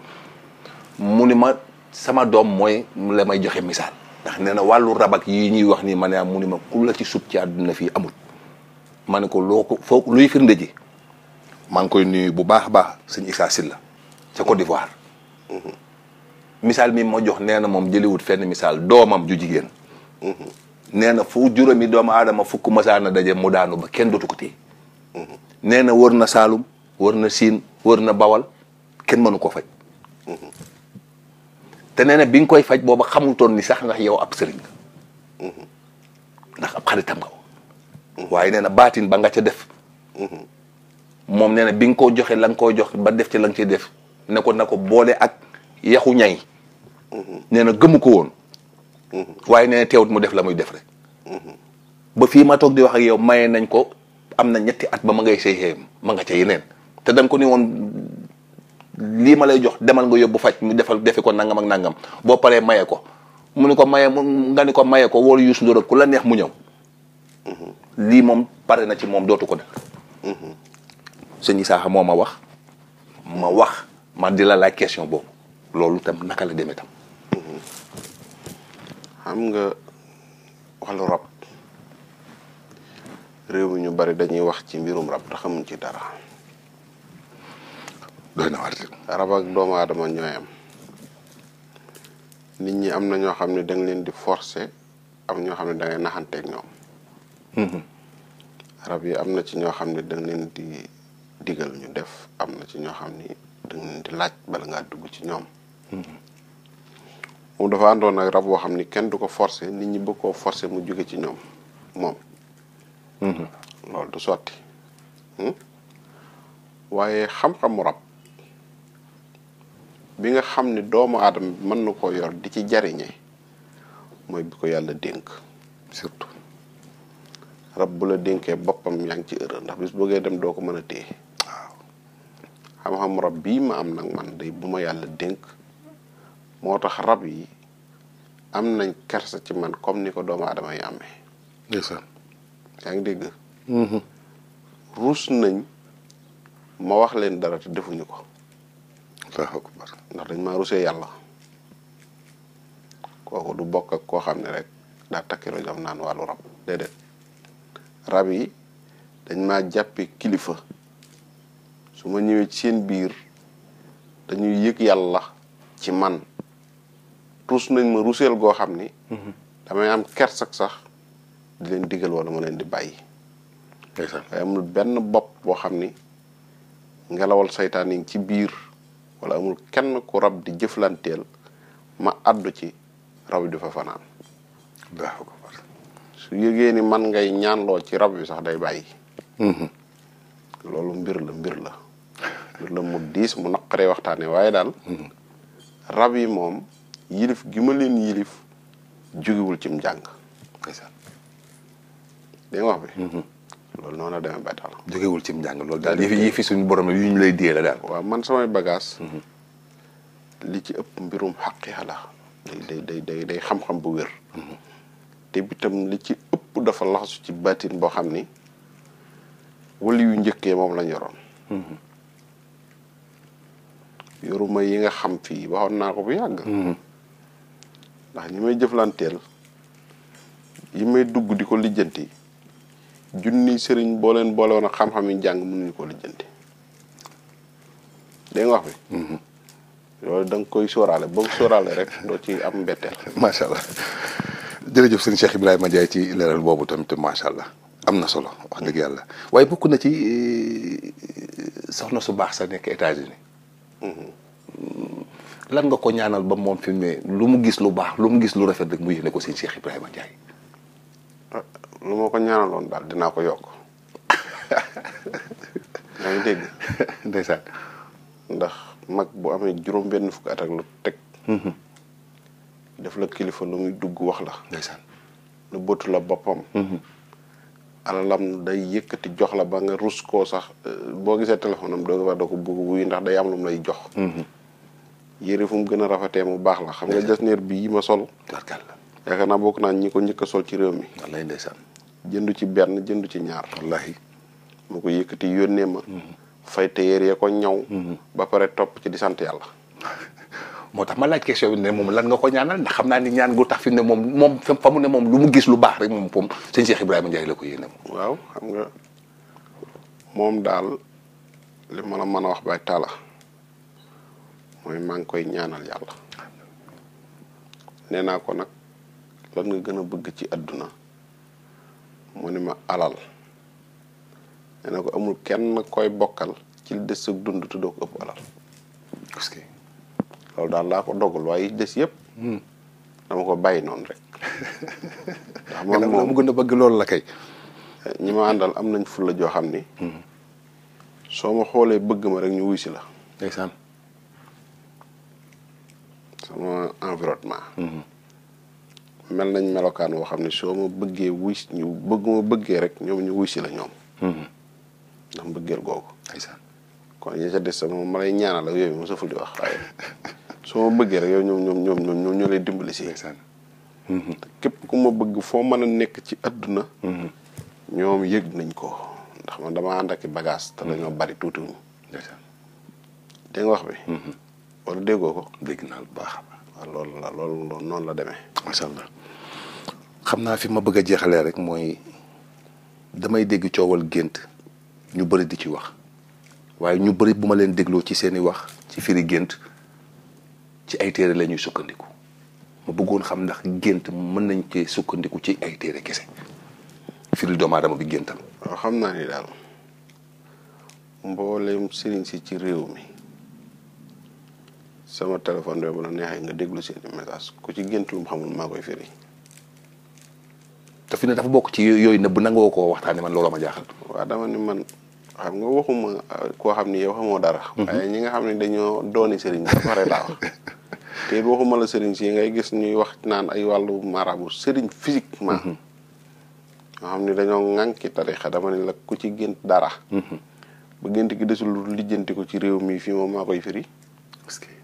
mu ne ma sama doom mooy la may joxe misaal ndax nee na wàllu rabak yi ñuy wax nii ma ne ah, mu ne ma ku la ci sub ci àdduna fii amul ma ne ko loo ko foo luy firnde ji maa ngi koy nuyu bu baax a baax sëñ Issa Sylla ca Côte d'Ivoire mhm. misaal mi ma jox nee na moom jëliwut fenn misaal doomam ju jigéen mhm. nee na fu juróomi doomu aadama fukk masaana daje mu daanu ba kenn dootu ko téye mhm. nee na wër na Saalum wër na Siin wër na Bawal kenn mënu ko faj te nee na bi nga koy faj booba xamutoon ni sax ndax yow ab sëriñ nga ndax ab xaritam nga waaye nee na baatin ba nga ca def mhm, moom nee na bi nga ko joxe la nga koo jox ba def ci la nga def nekkoon na ko boole ak yaxu ñay mhm. nee na gëmu ko woon mhm. waaye nee na teewut mu def la muy def rek ba fii ma toog di wax ak yow maye nañ ko am na ñetti at ba ma ngay sëy ma nga ca yeneen te dañ ko ni woon lii ma lay jox demal nga yóbbu faj mu defal defe ko nangam ak nangam boo paree maye ko mu ni ko maye nga ni ko maye ko wóolu Youssou Ndour ku la neex mu ñëw lii moom pare na ci moom dootu ko def. Mhm. sëñ Isaaxa moo ma wax ma wax ma di la laaj question boobu loolu tam naka la demee tam. Mhm. xam nga wàllu rab réew mi ñu bari dañuy wax ci mbirum rab xamuñ ci dara. doy na waar rab ak doomu aadama ñooyam nit ñi am na ñoo xam ne da leen di forcer am ñoo xam ne da naxanteek naxanteeg ñoom. Mhm. rab yi am na ci ñoo xam ne da leen di digal ñu def am na ci ñoo xam ni da leen di laaj bala ngaa dugg ci ñoom. moom dafa àndoon ak rab boo xam ni kenn du ko forcer nit ñi bëgg koo forcer mu jóge ci ñoom moom. Mhm. du sotti. Hmm? waaye xam-xamu rab bi nga xam ni doomu aadama mën na koo yor di ci jariñe mooy bi ko yàlla dénk surtout. rab bu la dénkee boppam yaa ngi ci erreur ndax bis bëggee dem doo ko mën a téye waaw xam-xam rab bii ma am nag man day bu ma yàlla dénk moo tax rab yi am nañ kersa ci man comme ni ko doomu adama yi amee. ndeysaan yaa ngi dégg. Mm-hmm. ruus nañ ma wax leen dara te defuñu ko. allahu akbar ndax dañ ma rusee yàlla kooku du bokk ak koo xam ne rek daa takki rojam naan wàllu rab déedéet. rab yi dañ ma jàppee kilifa su ma ñëwee ci seen biir dañuy yëg yàlla ci man ruus nañ ma ruseel goo xam ni mhm. damay am kersak sax di leen digal wala ma leen di bàyyi waaye amul benn bopp boo xam ni ngelawal saytaan yi ci biir walla amul kenn ku rab di jëflanteel ma àddu ci raw di fa fanaan su yëgee ni man ngay ñaanloo ci rab wi sax day bàyyi. Mhm. loolu mbir la mbir la. mbir la mu diis mu naqaree waxtaanee waaye daal. Mhm. rab yi moom yilif gi ma leen yilif jógewul cim njàng. dégg nga wax bi. Mhm. loolu noonu la demee ba tax. jógewul cim njàng loolu daal yi fi yi fi suñu borom yu ñu lay dee daal. waa man samay bagaas li ci ëpp mbirum xaqi la day day day day xam-xam bu wér. te bitam li ci ëpp dafa laxasu ci baatin boo xam ni wali yu njëkkee moom lañ yoroon yoruma yi nga xam fii waxoon naa ko bu yàgg mm-hmm. ndax ñi may jëflanteel yi may dugg di ko lijjanti junni sëriñ boo leen boole woon a xam-xam yi jàng mënuñu ko lijjanti dégg nga wax bi mm-hmm. loolu da koy sóoraale ba sóoraale rek doo ci am mbetteel [LAUGHS] macha jërëjëf sëñ Cheikh ma Ndiaye ci leeral boobu tamit macha allah am na solo wax dëgg yàlla waaye bokk na ci eh, soxna su baax sa nekk États-Unis mm-hmm. lan nga ko ñaanal ba moom fi mu lu mu gis lu baax lu mu gis lu rafet rek mu yéene ko sëñ Cheikh Ibrahima Ndiaye. ah lu ma ko ñaanaloon daal dinaa ko yokk. [LAUGHS] yaa ngi dégg. ndeysaan. ndax mag bu amee juróom benn fukk at ak lu teg. Mm-hmm. def la kilifa lu muy dugg wax la. ndeysaan lu bëtu la boppam. Mm-hmm. alalam day yëkkati jox la ba nga rus koo sax euh, boo gisee téléphone am doo ko wax da ko bëgg wuy ndax day am lu lay jox. Mm-hmm. yére fu mu gën a rafetee mu baax la. xam nga jasneer bi yi ma sol. yaakaar naa bokk naa ñi ko njëkk sol ci réew mi. wallaahi ndeysaan. jëndu ci benn jëndu ci ñaar. wallaahi mu ko yëkkati yónnee ma. Mm-hmm. fay te yére ya ko ñaw. ba pare topp ci di sant yàlla. [LAUGHS] moo tax ma laaj question bi ne moom lan nga ko ñaanal ndax xam naa ni ñaan gu tax fi ne moom moom fa mu ne moom lu mu gis lu baax rek moom moom sëñ Cheikh ko yéene moom. waaw xam nga moom daal li ma la mën a wax bay taala mooy maa ngi koy ñaanal yàlla nee naa ko nag lan nga gën a bëgg ci àdduna moo ni ma alal nee ko amul kenn koy bokkal ci li des sa dund te ko ëpp alal. loolu daal laa ko dogal waaye des yëpp. Hmm. dama ko bàyyi noonu rek. [LAUGHS] ndax moom moom gën a bëgg loolu la kay. ñi ma àndal am nañ fulla joo xam ni. Hmm. soo ma xoolee bëgg ma rek ñu wuy si la. ndeysaan. sama hmm. nañ melokaan woo xam ne soo bëggee wuy bëgg ma bëggee rek ñoom ñu wuy si la ñoom. ndax googu. kon yi ca des sama ma lay ñaanal ak yooyu ma saful di wax waaye soo ma bëggee rek yow ñoom ñoom ñoom ñoom ñoom ñoo lay dimbali mm-hmm. képp ku ma bëgg foo mën a nekk ci adduna. Mm-hmm. ñoom yëg nañ ko ndax man dama ànd ak bagaas bagage te dañoo bari tuuti wuñu. wax bi. Mm-hmm. wala déggoo ko. dégg naa lu baax. waaw lool la loolu noonu la demee. macha xam naa fi ma bëgg a jeexalee rek mooy damay dégg coowal gént ñu bëri di ci wax. waaye ñu bëri bu ma leen dégloo ci seeni wax ci firi gént ci ay téere lañuy sukkandiku ma bëggoon xam ndax gént mën nañ cee sukkandiku ci ay téere kese firi doomu aadama bi géntam waaw xam naa ni daal mboolem sëriñ si ci réew mi sama téléphone bi bu la neexee nga déglu seen message ku ci gént lu xamul maa koy firi te fi ne dafa bokk ci yooyu nëbb nangoo ko waxtaanee man looloo ma jaaxal. waaw dama ni man xam nga waxuma euh, koo xam ni yow xamoo dara. Mhm. waaye ñi nga xam ne dañoo dooni sëriñ ba pare laa wax [LAUGHS] te waxuma la sëriñ si ngay gis ñuy wax naan ay wàllu marabu sëriñ physiquement. ñoo mhm. xam ne dañoo ŋànki tarixa dama ne la ku ci gént dara. Mhm. ba gént gi desul lu lijjanti ko ci réew mi fii moom maa koy firi. parce que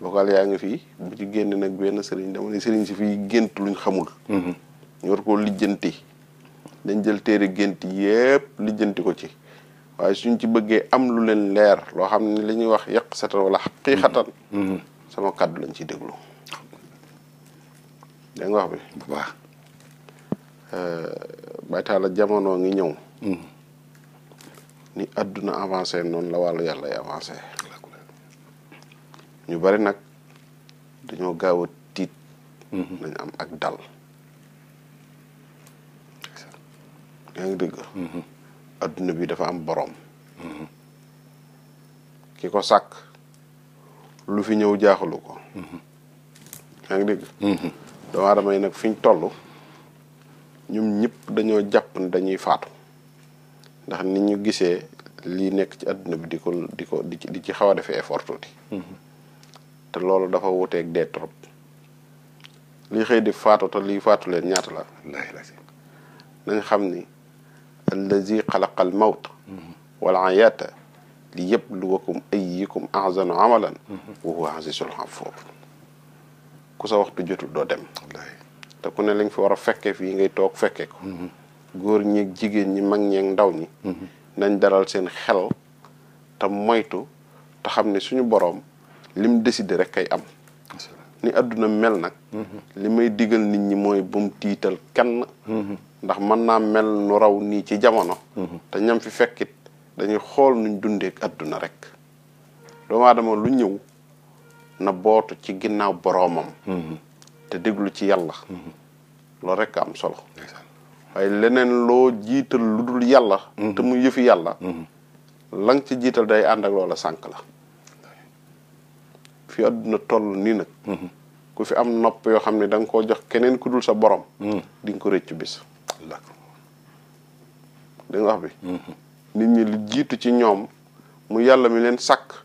local yaa ngi fii bu ci génn nag benn sëriñ dama ne sëriñ si fii gént luñ xamul. ñu war koo lijjanti. dañ jël téere gént yépp lijjanti ko ci waaye suñ ci bëggee am lu leen leer loo xam ne li ñuy wax yàq satan wala xaqiixatan mm-hmm. sama kàddu lañ ciy déglu dégg nga wax bi bu baax euh, baytaala jamono ngi ñëw mm-hmm. ni àdduna avancé noonu la wàllu yàlla y avancé ñu bari nag dañoo gaaw a tiit mm-hmm. nañ am ak dal yaa ngi dëgg adduna bi dafa am boroom ki ko sàkk lu fi ñëw jaaxalu ko yaa ngi dëgg doomu aadama yi nag fi ñu toll ñoom ñëpp dañoo jàpp ni dañuy faatu ndax ni ñu gisee lii nekk ci àdduna bi di ko di ko di ci xaw a defee effort tuuti te loolu dafa wuteeg dee trop lii xëy di faatu te lii faatu leen ñaata la nañ xam ni allazi xalaqa al mawta wal hayaata li yabluwakum ayyukum ahsanu amalan wa huwa azizul ghafuur ku sa waxtu jotu doo dem te ku ne lañ fi war a fekkee fii ngay toog fekkee ko mhm. góor ñeeg jigéen ñi mag ñeeg ndaw ñi mhm. nañ dalal seen xel te moytu te xam ne suñu boroom lim décidé rek kay am ni àdduna mel nag mhm. li may digal nit ñi mooy bum tiital kenn ndax mën naa mel nu raw nii ci jamono mhm. te ñam fi fekkit dañuy xool nuñ dundeek adduna rekk doomu aadama lu ñëw na bootu ci ginnaaw boroomam mhm. te déglu ci yàlla mhm. loolu rek am solo waaye leneen loo jiital lu dul yàlla te mu yëfi yàlla la ci jiital day àndak ak loola sànq la fi àdduna toll nii nag ku fi am nopp yoo xam ne da nga koo jox keneen ku dul sa borom di ko rëccu bis d'accord da wax bi nit ñi lu jiitu ci ñoom mu yàlla mi leen sàkk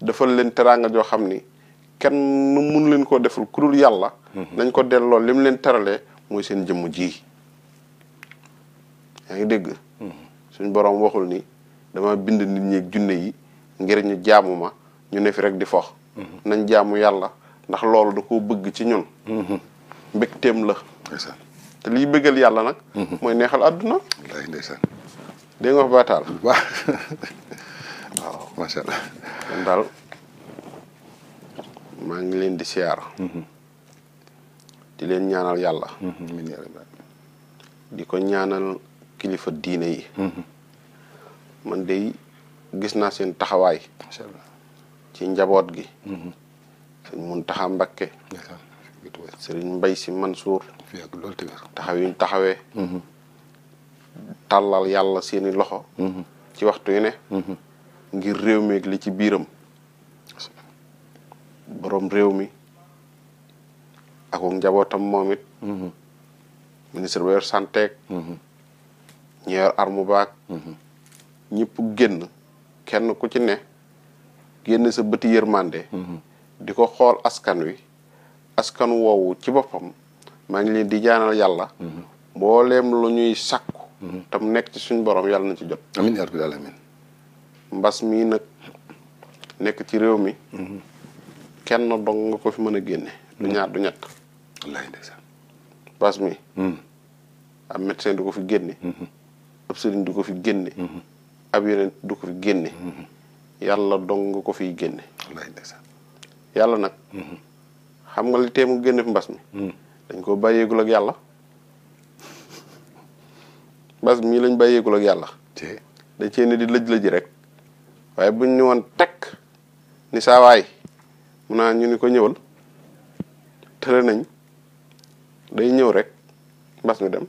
defal leen teraanga joo xam ni kenn nu mun leen koo deful ku dul yàlla nañ ko delloo li mu leen teralee mooy seen jëmm ji yaa ngi dégg suñ boroom waxul ni dama bind nit ñi ak junne yi ngir ñu jaamu ma ñu ne fi rek di fox nañ jaamu yàlla ndax loolu da ko bëgg ci ñun mm-hmm. mbégteem la te liy bëggal yàlla nag. Mhm. mooy neexal àdduna. wallaahi ndeysaan. dégg nga [LAUGHS] maa ngi leen di siyaar. Mhm. di leen ñaanal yàlla. Mhm, di ko ñaanal kilifa diine yi. man de gis naa seen taxawaay. macha ci njaboot gi. sëñ Muntaxa Mbakke. Serigne Mbaye Sy Mansour. fi yàgg loolu taxaw yuñ taxawee. Mhm. tàllal yàlla seeni loxo. Mhm. ci waxtu yu ne. Mhm. ngir réew mi ak li ci biiram. borom réew mi ak njabootam moom it. ministre ba yor santé. ñi armu baak. ñëpp génn kenn ku ci ne génn sa bëti yërmande. di ko xool askan wi. askan woowu ci boppam maa ngi leen di jaanal yàlla mhm. mbooleem lu ñuy sàkku mhm. tam nekk ci suñu boroom yàlla na ci jot amiin yaa mbas mii nag nekk ci réew mi mhm. kenn dong nga ko fi mën a génne du ñaar du ñakk mbas mi am médecin du ko fi génne ab sëriñ du ko fi génne ab du ko fi génne yàlla dong ko fi génne yàlla nag xam nga li teemu génn fi mbas mi hmm. dañ ko bàyyeegul ak yàlla mbas mii lañ bàyyeegul ak yàlla dañ cee ne di lëj-lëji rek waaye buñ ni woon tekk ni saa mun naa ñu ni ko ñëwal tëre nañ day ñëw rek mbas mi dem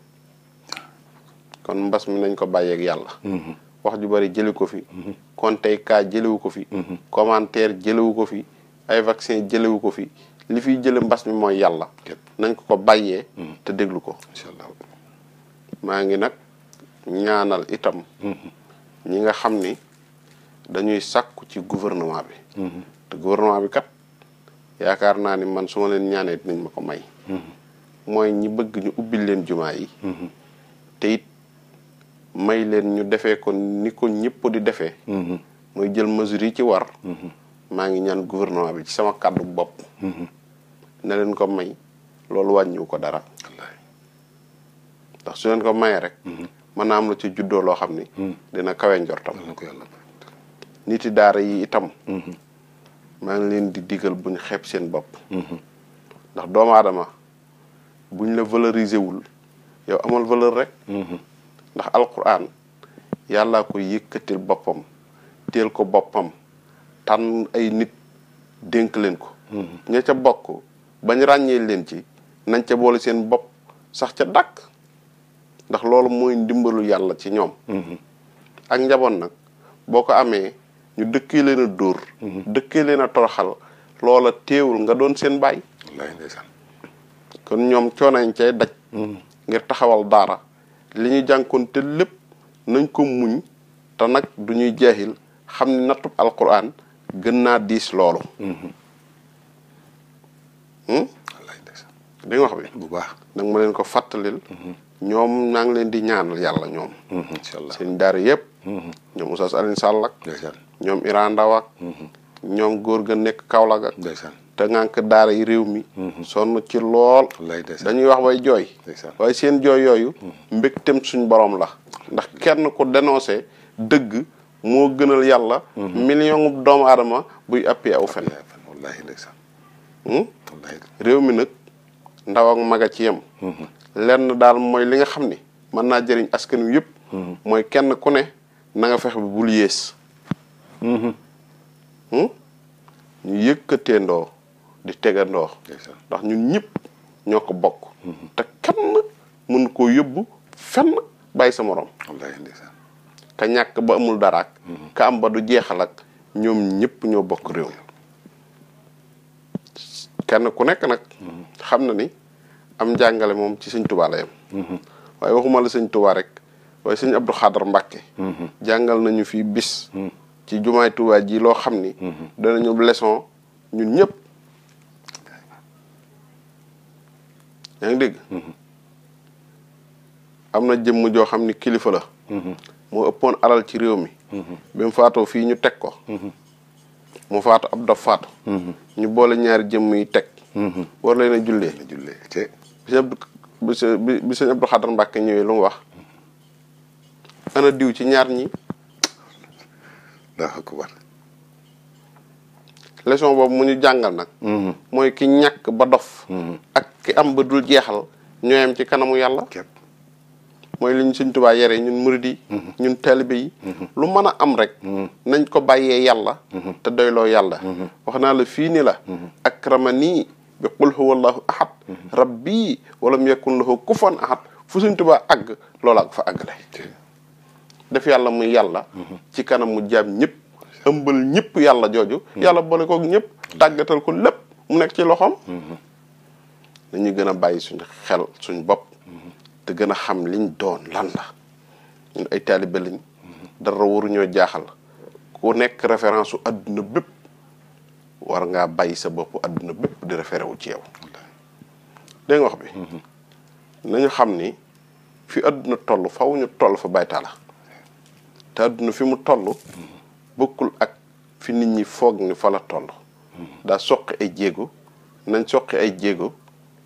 kon mbas mi nañ ko bàyyeeg yàlla hmm. wax ju bari jëli ko fi hmm. compte cas jëlewu ko fi commentaire jëlewu ko fi ay vaccin jëlewu ko fi li fiy jële mbas mi mooy yàlla nañ ko ko bàyyee mm-hmm. te déglu ko maa ngi nag ñaanal itam mm-hmm. ñi nga xam ni dañuy sàkku ci gouvernement bi mm-hmm. te gouvernement bi kat yaakaar naa ni man su leen ñaanee dinañ ma ko may mooy ñi bëgg ñu ubbil leen jumaa yi te it may leen ñu defee ko ni ko ñëpp di defee mooy jël mesures yi ci war maa ngi ñaan gouvernement bi ci sama kàddu bopp na leen ko may loolu wàññiwu ko dara ndax su leen ko mayee rek mhm. mën naa am lu ci juddoo loo xam ni mhm. dina kawe njortam nit yi daara yi itam mhm. maa ngi leen di digal buñ xeeb seen bopp ndax doomu aadama buñ la valoriser wul yow amal valeur rek ndax alquran yàllaa ko yëkkatil boppam teel ko boppam tànn ay nit dénk leen ko ña ca bokk bañ ràññee leen ci nañ ca boole seen bopp sax ca dàkk ndax loolu mooy ndimbalu yàlla ci ñoom mhm. ak njaboot nag boo ko amee ñu dëkkee leen a dóor mhm. dëkkee leen a toroxal loola teewul nga doon seen baay kon ñoom coonañ cay daj mhm. ngir taxawal daara li ñu jànkoon te lépp nañ ko muñ te nag du ñuy jeexil xam ni nattub alquran gën naa diis loolu Hmm? di nga wax bi bu baax nag ma leen ko fàttalil hmm. ñoom naa ngi leen di ñaanal yàlla ñoom hmm, incha seen daara yëpp ñoom Oustaz Alioune Sall ak ñoom Iran ñoom góor ga nekk Kaolack te ngànk daara yi réew mi sonn ci lool dañuy wax bay jooy waaye seen jooy yooyu mbégtem suñ borom la ndax kenn ko dénoncé dëgg moo gënal yàlla million doomu aadama buy appee aw fen réew mi nag ndaw ak mag a ci yem. Mhm. lenn daal mooy li nga xam ni mën naa jëriñ askan wi yëpp. Mhm. mooy kenn ku ne na nga fex bi bul yées. Mhm. Hmm? ñu yëkkatee ndoo di tegandoo. ndax ñun ñëpp ñoo ko bokk. te kenn mën koo yóbbu fenn bàyyi sa morom. ka ñàkk ba amul daraak. ka am ba du jeexalak ak ñoom ñëpp ñoo bokk réew kenn ku nekk nag xam na ni am jàngale moom ci sëñ tubaa la yam waaye waxuma sëñ tubaa rek waaye sëñ Abdou Xaadar Mbàkke jàngal nañu fii bis ci jumaay tubaa ji loo xam ni danañu leçon ñun ñëpp yaa ngi dégg am na jëmm joo xam ni kilifa la moo ëppoon alal ci réew mi bi mu faatoo fii ñu teg ko mu faatu ab dof faatu. Mhm. ñu boole ñaari jëmm yi teg. Mhm. war leen a jullee. jullee te bi sëñ bi bi sëñ Abdou Khadre Mbacke lu wax. ana diw ci ñaar ñi. daa ko boobu mu ñu jàngal nag. Mhm. mooy ki ñàkk ba dof. ak ki am ba dul jeexal ñooyam ci kanamu yàlla. mooy li ñu suñ tubaa yare ñun murid yi mhm. ñun taalibe yi mhm. lu mën a am rek mhm. nañ ko bàyyee yàlla te doyloo yàlla wax naa la fii ni la akramani bi qul huwa allahu ahad rabbi walam yakun lahu kufan ahad fu suñ tubaa àgg loola ak fa àggale def yàlla mu yàlla ci kanam mu jaam ñëpp ëmbal ñëpp yàlla jooju yàlla boole koog ñëpp tàggatal ko lépp mu nekk ci loxoom nañu gën a bàyyi suñu xel suñ bopp te gën a xam liñ doon lan la ñun ay taalibe lañ dara waruñoo jaaxal ku nekk référence su adduna bépp war ngaa bàyyi sa bopp adduna bépp di référé ci yow. dégg wax bi. nañu xam ni fi adduna toll faw ñu toll fa baytaala te adduna fi mu toll bokkul ak fi nit ñi foog ni fa la toll. daa soqi ay jéego nañ soqi ay jéego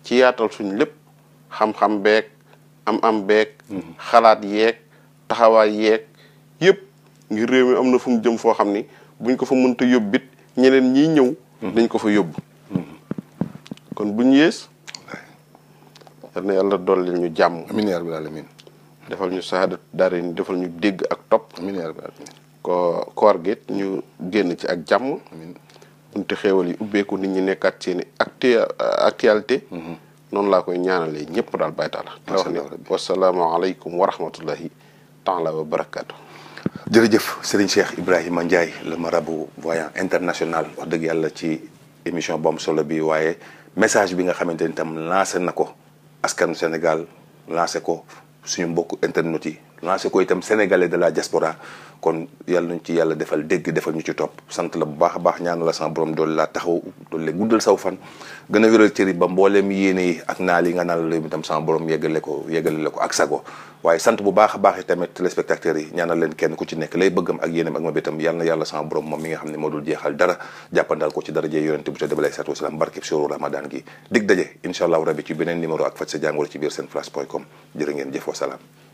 ci yaatal suñ lépp xam-xam beeg. am-am beeg. xalaat yeeg taxawaay yeeg yëpp ngir réew mi am na fu jëm foo xam ni buñ ko fa mënta yóbbit ñeneen ñiy ñëw. Mhm. dañ ko fa yóbbu. Mhm. kon buñ yées. yal na yàlla dolli ñu jàmm. amiin yaa rabbal aalamiin defal ñu saada daara ni defal ñu dégg ak topp. amiin yaa koor gi ñu génn ci ak jàmm. amiin bunte xéewal yi ubbeeku nit ñu nekkaat seen i actualité. Mhm. noonu laa koy ñaanalee ñëpp daal Baye Talla. macha allah wasalaamaaleykum wa rahmatullahi taala wa barakaatu. jërëjëf Serigne Cheikh Ibrahima Ndiaye le marabout voyant international wax dëgg yàlla ci émission bu solo bi waaye message bi nga xamante ni tam lancé na ko askanu Sénégal lancé ko suñu mbokk internet yi. lancé ko itam sénégalais de la diaspora kon yàlla nañ ci yàlla defal dégg defal ñu ci topp sant la bu baax a baax ñaanal la sama borom doole laa taxaw doole guddal saw fan gën a wéral cëri ba mbooleem yéene yi ak ko yeggale la ko ak sago waaye sant bu a baax tamit téléspectateurs yi leen kenn ku ci nekk lay bëggam ak yéenam ak ma bétam yàlla na yàlla sama borom moom mi nga xam ne moo dul jeexal dara jàppandal ko ci dara jee yonente bu ta deb alei satu wasalaam barkeb sóoru ramadan gi ngeen jëf wasalaam